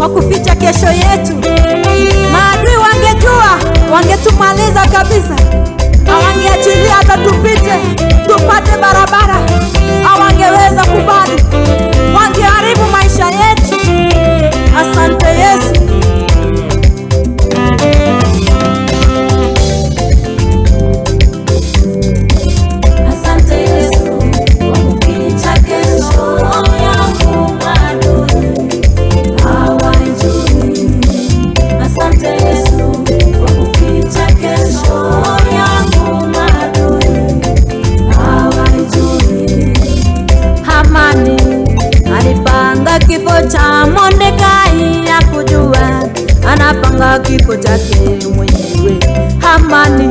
kwa kuficha kesho yetu. Maadui wangejua wangetumaliza kabisa, hawangeachilia hata tupite, tupate barabara kifo cha Mordekai ya kujua anapanga kifo chake mwenyewe. Hamani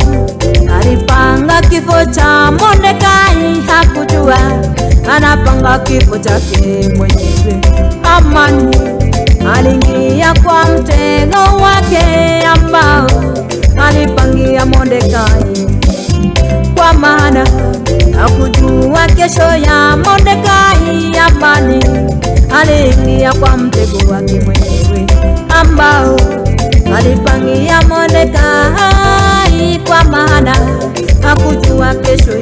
alipanga kifo cha Mordekai kujua anapanga kifo chake mwenyewe. Hamani alingia kwa mtego wake ambao alipangia Mordekai, kwa maana hakujua kesho ya Mordekai. Hamani mzigo wake mwenyewe ambao alipangia moneka, kwa maana hakujua kesho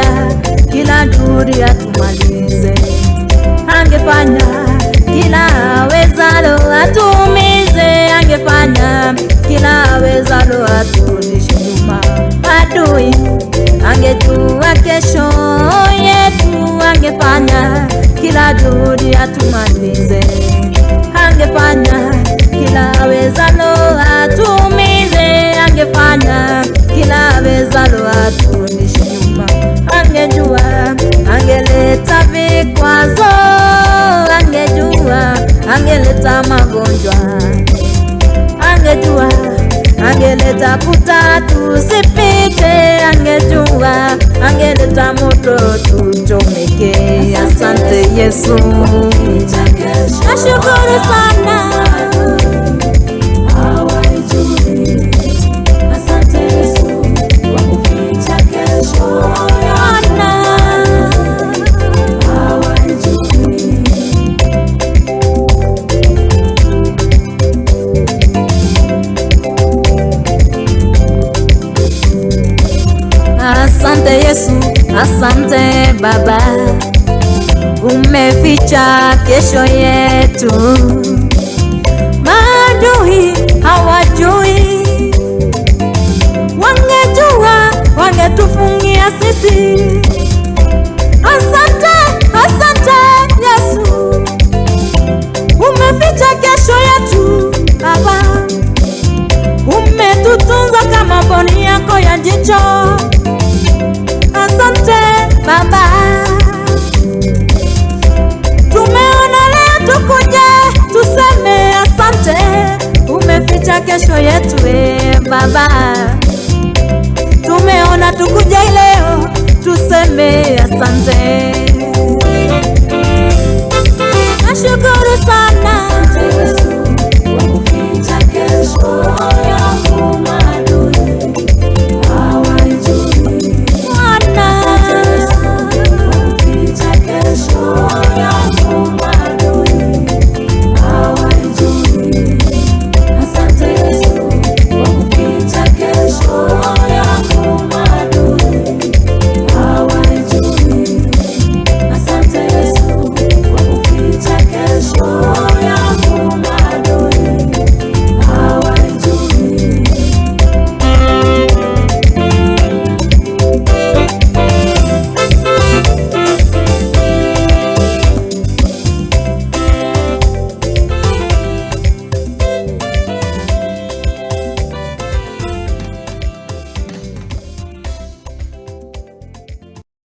angefanya kila nduri atumalize, angefanya kila awezalo atumize, angefanya kila awezalo aturudishe nyuma. Adui angejua kesho yetu, angefanya kila juhudi atumalize, angefanya kila awezalo atumize, angefanya Tafuta tusipite, angejua angeleta moto tuchomeke. Asante Yesu, nashukuru sana. Yesu, asante Baba, umeficha kesho yetu. kesho yetu e, Baba, tumeona tukuja leo tuseme asante.